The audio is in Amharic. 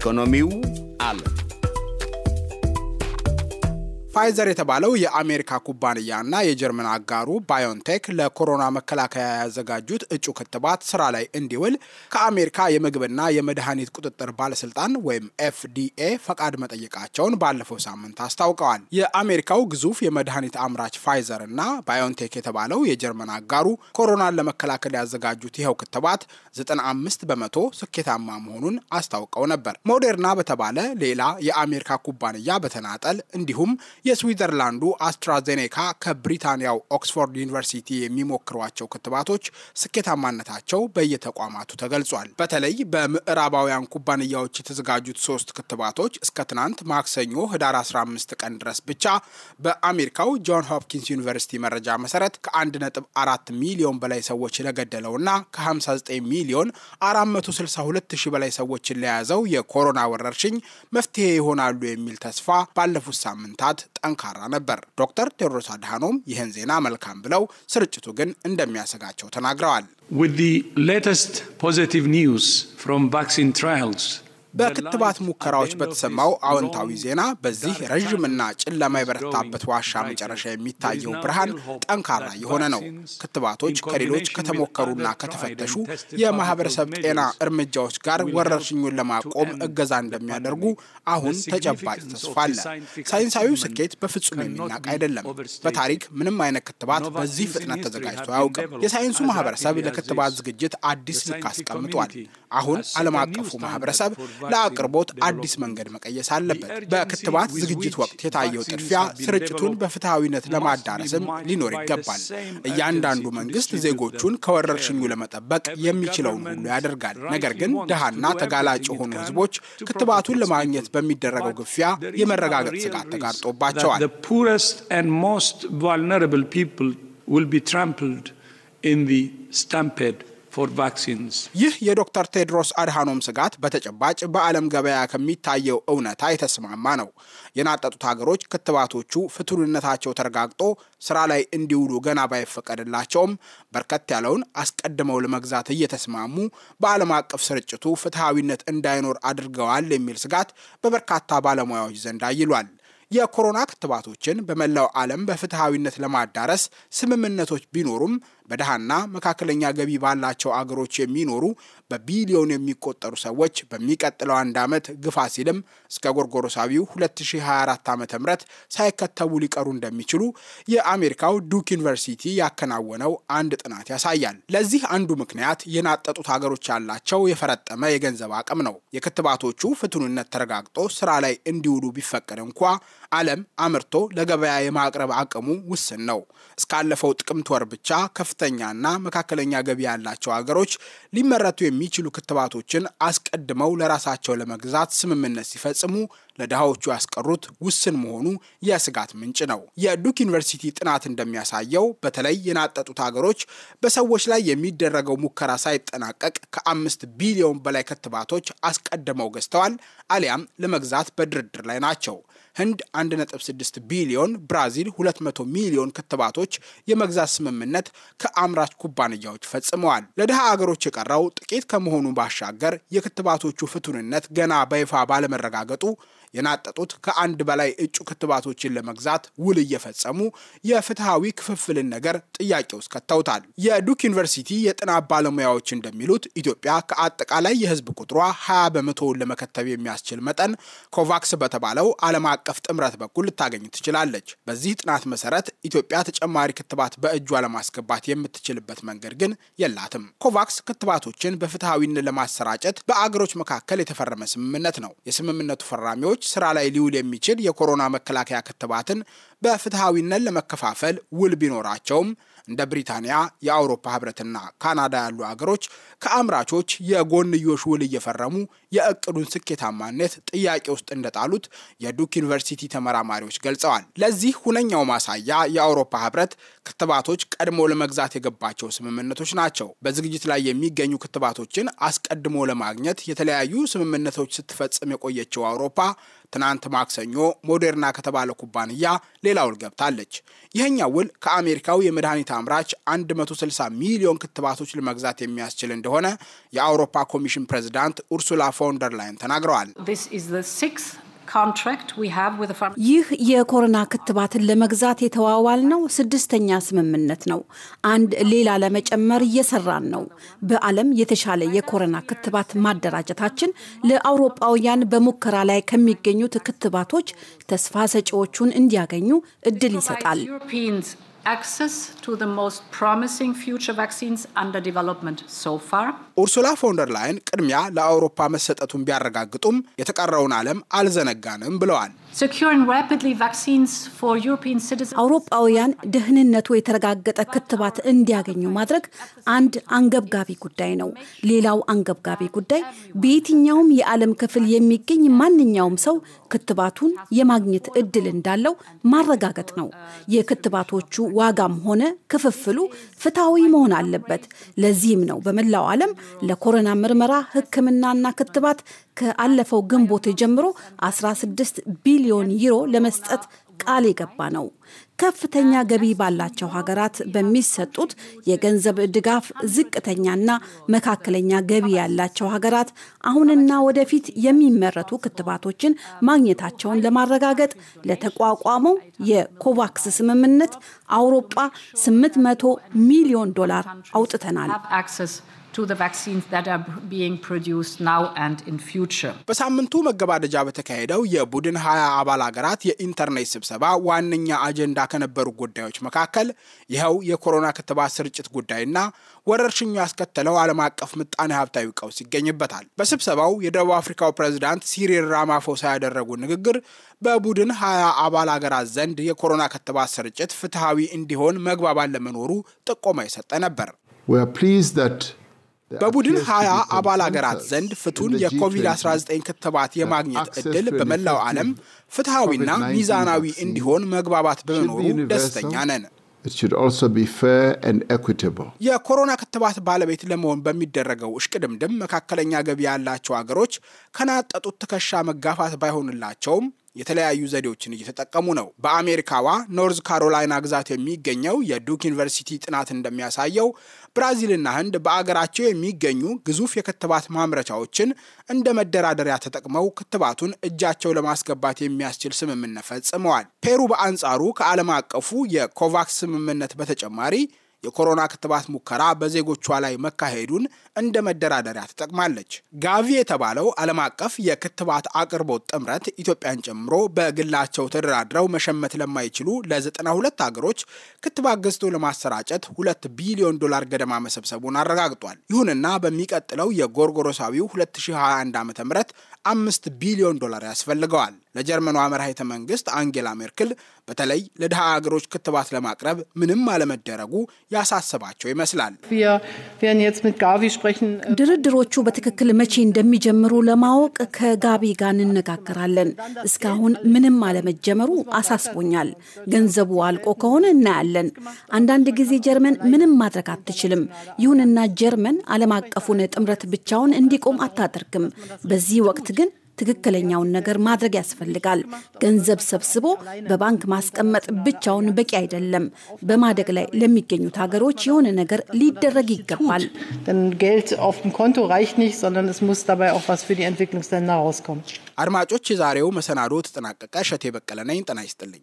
ekonomiu ale. ፋይዘር የተባለው የአሜሪካ ኩባንያና የጀርመን አጋሩ ባዮንቴክ ለኮሮና መከላከያ ያዘጋጁት እጩ ክትባት ስራ ላይ እንዲውል ከአሜሪካ የምግብና የመድኃኒት ቁጥጥር ባለስልጣን ወይም ኤፍዲኤ ፈቃድ መጠየቃቸውን ባለፈው ሳምንት አስታውቀዋል። የአሜሪካው ግዙፍ የመድኃኒት አምራች ፋይዘር እና ባዮንቴክ የተባለው የጀርመን አጋሩ ኮሮናን ለመከላከል ያዘጋጁት ይኸው ክትባት 95 በመቶ ስኬታማ መሆኑን አስታውቀው ነበር። ሞዴርና በተባለ ሌላ የአሜሪካ ኩባንያ በተናጠል እንዲሁም የስዊዘርላንዱ አስትራዜኔካ ከብሪታንያው ኦክስፎርድ ዩኒቨርሲቲ የሚሞክሯቸው ክትባቶች ስኬታማነታቸው በየተቋማቱ ተገልጿል። በተለይ በምዕራባውያን ኩባንያዎች የተዘጋጁት ሶስት ክትባቶች እስከ ትናንት ማክሰኞ ህዳር 15 ቀን ድረስ ብቻ በአሜሪካው ጆን ሆፕኪንስ ዩኒቨርሲቲ መረጃ መሰረት ከ1.4 ሚሊዮን በላይ ሰዎች ለገደለውና ከ59 ሚሊዮን 462 ሺህ በላይ ሰዎችን ለያዘው የኮሮና ወረርሽኝ መፍትሄ ይሆናሉ የሚል ተስፋ ባለፉት ሳምንታት ጠንካራ ነበር። ዶክተር ቴዎድሮስ አድሃኖም ይህን ዜና መልካም ብለው ስርጭቱ ግን እንደሚያሰጋቸው ተናግረዋል። With the latest positive ቫክሲን from በክትባት ሙከራዎች በተሰማው አዎንታዊ ዜና በዚህ ረዥምና ጨለማ የበረታበት ዋሻ መጨረሻ የሚታየው ብርሃን ጠንካራ የሆነ ነው። ክትባቶች ከሌሎች ከተሞከሩና ከተፈተሹ የማህበረሰብ ጤና እርምጃዎች ጋር ወረርሽኙን ለማቆም እገዛ እንደሚያደርጉ አሁን ተጨባጭ ተስፋ አለ። ሳይንሳዊው ስኬት በፍጹም የሚናቅ አይደለም። በታሪክ ምንም አይነት ክትባት በዚህ ፍጥነት ተዘጋጅቶ አያውቅም። የሳይንሱ ማህበረሰብ ለክትባት ዝግጅት አዲስ ልክ አስቀምጧል። አሁን ዓለም አቀፉ ማህበረሰብ ለአቅርቦት አዲስ መንገድ መቀየስ አለበት። በክትባት ዝግጅት ወቅት የታየው ጥድፊያ ስርጭቱን በፍትሐዊነት ለማዳረስም ሊኖር ይገባል። እያንዳንዱ መንግስት ዜጎቹን ከወረርሽኙ ለመጠበቅ የሚችለውን ሁሉ ያደርጋል። ነገር ግን ድሃና ተጋላጭ የሆኑ ህዝቦች ክትባቱን ለማግኘት በሚደረገው ግፊያ የመረጋገጥ ስጋት ተጋርጦባቸዋል። will be trampled in the stampede ይህ የዶክተር ቴድሮስ አድሃኖም ስጋት በተጨባጭ በዓለም ገበያ ከሚታየው እውነታ የተስማማ ነው። የናጠጡት ሀገሮች ክትባቶቹ ፍቱንነታቸው ተረጋግጦ ስራ ላይ እንዲውሉ ገና ባይፈቀድላቸውም በርከት ያለውን አስቀድመው ለመግዛት እየተስማሙ በዓለም አቀፍ ስርጭቱ ፍትሐዊነት እንዳይኖር አድርገዋል የሚል ስጋት በበርካታ ባለሙያዎች ዘንድ አይሏል። የኮሮና ክትባቶችን በመላው ዓለም በፍትሐዊነት ለማዳረስ ስምምነቶች ቢኖሩም በድሃና መካከለኛ ገቢ ባላቸው አገሮች የሚኖሩ በቢሊዮን የሚቆጠሩ ሰዎች በሚቀጥለው አንድ ዓመት ግፋ ሲልም እስከ ጎርጎሮሳቢው 2024 ዓ ም ሳይከተቡ ሊቀሩ እንደሚችሉ የአሜሪካው ዱክ ዩኒቨርሲቲ ያከናወነው አንድ ጥናት ያሳያል። ለዚህ አንዱ ምክንያት የናጠጡት አገሮች ያላቸው የፈረጠመ የገንዘብ አቅም ነው። የክትባቶቹ ፍቱንነት ተረጋግጦ ስራ ላይ እንዲውሉ ቢፈቀድ እንኳ ዓለም አምርቶ ለገበያ የማቅረብ አቅሙ ውስን ነው። እስካለፈው ጥቅምት ወር ብቻ ከፍ ዝቅተኛና መካከለኛ ገቢ ያላቸው ሀገሮች ሊመረቱ የሚችሉ ክትባቶችን አስቀድመው ለራሳቸው ለመግዛት ስምምነት ሲፈጽሙ ለድሃዎቹ ያስቀሩት ውስን መሆኑ የስጋት ምንጭ ነው። የዱክ ዩኒቨርሲቲ ጥናት እንደሚያሳየው በተለይ የናጠጡት ሀገሮች በሰዎች ላይ የሚደረገው ሙከራ ሳይጠናቀቅ ከአምስት ቢሊዮን በላይ ክትባቶች አስቀድመው ገዝተዋል አሊያም ለመግዛት በድርድር ላይ ናቸው። ህንድ 1.6 ቢሊዮን፣ ብራዚል 200 ሚሊዮን ክትባቶች የመግዛት ስምምነት ከአምራች ኩባንያዎች ፈጽመዋል። ለድሃ አገሮች የቀረው ጥቂት ከመሆኑ ባሻገር የክትባቶቹ ፍቱንነት ገና በይፋ ባለመረጋገጡ የናጠጡት ከአንድ በላይ እጩ ክትባቶችን ለመግዛት ውል እየፈጸሙ የፍትሐዊ ክፍፍልን ነገር ጥያቄ ውስጥ ከተውታል። የዱክ ዩኒቨርሲቲ የጥናት ባለሙያዎች እንደሚሉት ኢትዮጵያ ከአጠቃላይ የህዝብ ቁጥሯ 20 በመቶውን ለመከተብ የሚያስችል መጠን ኮቫክስ በተባለው ዓለም አቀፍ ጥምረት በኩል ልታገኝ ትችላለች። በዚህ ጥናት መሰረት ኢትዮጵያ ተጨማሪ ክትባት በእጇ ለማስገባት የምትችልበት መንገድ ግን የላትም። ኮቫክስ ክትባቶችን በፍትሐዊነት ለማሰራጨት በአገሮች መካከል የተፈረመ ስምምነት ነው። የስምምነቱ ፈራሚዎች ስራ ላይ ሊውል የሚችል የኮሮና መከላከያ ክትባትን በፍትሐዊነት ለመከፋፈል ውል ቢኖራቸውም እንደ ብሪታንያ የአውሮፓ ህብረትና ካናዳ ያሉ አገሮች ከአምራቾች የጎንዮሽ ውል እየፈረሙ የእቅዱን ስኬታማነት ጥያቄ ውስጥ እንደጣሉት የዱክ ዩኒቨርሲቲ ተመራማሪዎች ገልጸዋል። ለዚህ ሁነኛው ማሳያ የአውሮፓ ህብረት ክትባቶች ቀድሞ ለመግዛት የገባቸው ስምምነቶች ናቸው። በዝግጅት ላይ የሚገኙ ክትባቶችን አስቀድሞ ለማግኘት የተለያዩ ስምምነቶች ስትፈጽም የቆየችው አውሮፓ ትናንት ማክሰኞ ሞዴርና ከተባለ ኩባንያ ሌላ ውል ገብታለች። ይህኛው ውል ከአሜሪካው የመድኃኒት አምራች 160 ሚሊዮን ክትባቶች ለመግዛት የሚያስችል እንደሆነ የአውሮፓ ኮሚሽን ፕሬዚዳንት ኡርሱላ ፎንደር ላይን ተናግረዋል። ይህ የኮሮና ክትባትን ለመግዛት የተዋዋል ነው። ስድስተኛ ስምምነት ነው። አንድ ሌላ ለመጨመር እየሰራን ነው። በዓለም የተሻለ የኮሮና ክትባት ማደራጀታችን ለአውሮጳውያን በሙከራ ላይ ከሚገኙት ክትባቶች ተስፋ ሰጪዎቹን እንዲያገኙ እድል ይሰጣል። access to the most promising future vaccines under development so far ኡርሱላ ፎንደር ላይን ቅድሚያ ለአውሮፓ መሰጠቱን ቢያረጋግጡም የተቀረውን ዓለም አልዘነጋንም ብለዋል። አውሮፓውያን ደህንነቱ የተረጋገጠ ክትባት እንዲያገኙ ማድረግ አንድ አንገብጋቢ ጉዳይ ነው። ሌላው አንገብጋቢ ጉዳይ በየትኛውም የዓለም ክፍል የሚገኝ ማንኛውም ሰው ክትባቱን የማግኘት እድል እንዳለው ማረጋገጥ ነው። የክትባቶቹ ዋጋም ሆነ ክፍፍሉ ፍትሐዊ መሆን አለበት። ለዚህም ነው በመላው ዓለም ለኮሮና ምርመራ ሕክምናና ክትባት ከአለፈው ግንቦት ጀምሮ 16 ቢሊዮን ዩሮ ለመስጠት ቃል የገባ ነው። ከፍተኛ ገቢ ባላቸው ሀገራት በሚሰጡት የገንዘብ ድጋፍ ዝቅተኛና መካከለኛ ገቢ ያላቸው ሀገራት አሁንና ወደፊት የሚመረቱ ክትባቶችን ማግኘታቸውን ለማረጋገጥ ለተቋቋመው የኮቫክስ ስምምነት አውሮጳ 800 ሚሊዮን ዶላር አውጥተናል። to the vaccines that are being produced now and in future. በሳምንቱ መገባደጃ በተካሄደው የቡድን ሀያ አባል ሀገራት የኢንተርኔት ስብሰባ ዋነኛ አጀንዳ ከነበሩ ጉዳዮች መካከል ይኸው የኮሮና ክትባት ስርጭት ጉዳይና ወረርሽኙ ያስከተለው ዓለም አቀፍ ምጣኔ ሀብታዊ ቀውስ ይገኝበታል። በስብሰባው የደቡብ አፍሪካው ፕሬዝዳንት ሲሪል ራማፎሳ ያደረጉ ንግግር በቡድን ሀያ አባል ሀገራት ዘንድ የኮሮና ክትባት ስርጭት ፍትሐዊ እንዲሆን መግባባት ለመኖሩ ጥቆማ የሰጠ ነበር። We are pleased that በቡድን ሀያ አባል አገራት ዘንድ ፍቱን የኮቪድ-19 ክትባት የማግኘት እድል በመላው ዓለም ፍትሐዊና ሚዛናዊ እንዲሆን መግባባት በመኖሩ ደስተኛ ነን። የኮሮና ክትባት ባለቤት ለመሆን በሚደረገው እሽቅድምድም መካከለኛ ገቢ ያላቸው አገሮች ከናጠጡት ትከሻ መጋፋት ባይሆንላቸውም የተለያዩ ዘዴዎችን እየተጠቀሙ ነው። በአሜሪካዋ ኖርዝ ካሮላይና ግዛት የሚገኘው የዱክ ዩኒቨርሲቲ ጥናት እንደሚያሳየው ብራዚልና ህንድ በአገራቸው የሚገኙ ግዙፍ የክትባት ማምረቻዎችን እንደ መደራደሪያ ተጠቅመው ክትባቱን እጃቸው ለማስገባት የሚያስችል ስምምነት ፈጽመዋል። ፔሩ በአንጻሩ ከዓለም አቀፉ የኮቫክስ ስምምነት በተጨማሪ የኮሮና ክትባት ሙከራ በዜጎቿ ላይ መካሄዱን እንደ መደራደሪያ ትጠቅማለች። ጋቪ የተባለው ዓለም አቀፍ የክትባት አቅርቦት ጥምረት ኢትዮጵያን ጨምሮ በግላቸው ተደራድረው መሸመት ለማይችሉ ለ92 ሀገሮች ክትባት ገዝቶ ለማሰራጨት 2 ቢሊዮን ዶላር ገደማ መሰብሰቡን አረጋግጧል። ይሁንና በሚቀጥለው የጎርጎሮሳዊው 2021 ዓ ም 5 ቢሊዮን ዶላር ያስፈልገዋል። ለጀርመኗ መራሄተ መንግስት አንጌላ ሜርክል በተለይ ለድሃ አገሮች ክትባት ለማቅረብ ምንም አለመደረጉ ያሳስባቸው ይመስላል። ድርድሮቹ በትክክል መቼ እንደሚጀምሩ ለማወቅ ከጋቢ ጋር እንነጋገራለን። እስካሁን ምንም አለመጀመሩ አሳስቦኛል። ገንዘቡ አልቆ ከሆነ እናያለን። አንዳንድ ጊዜ ጀርመን ምንም ማድረግ አትችልም። ይሁንና ጀርመን ዓለም አቀፉን ጥምረት ብቻውን እንዲቆም አታደርግም። በዚህ ወቅት ግን ትክክለኛውን ነገር ማድረግ ያስፈልጋል። ገንዘብ ሰብስቦ በባንክ ማስቀመጥ ብቻውን በቂ አይደለም። በማደግ ላይ ለሚገኙት ሀገሮች የሆነ ነገር ሊደረግ ይገባል። አድማጮች፣ የዛሬው መሰናዶ ተጠናቀቀ። እሸቴ በቀለ ነኝ። ጤና ይስጥልኝ።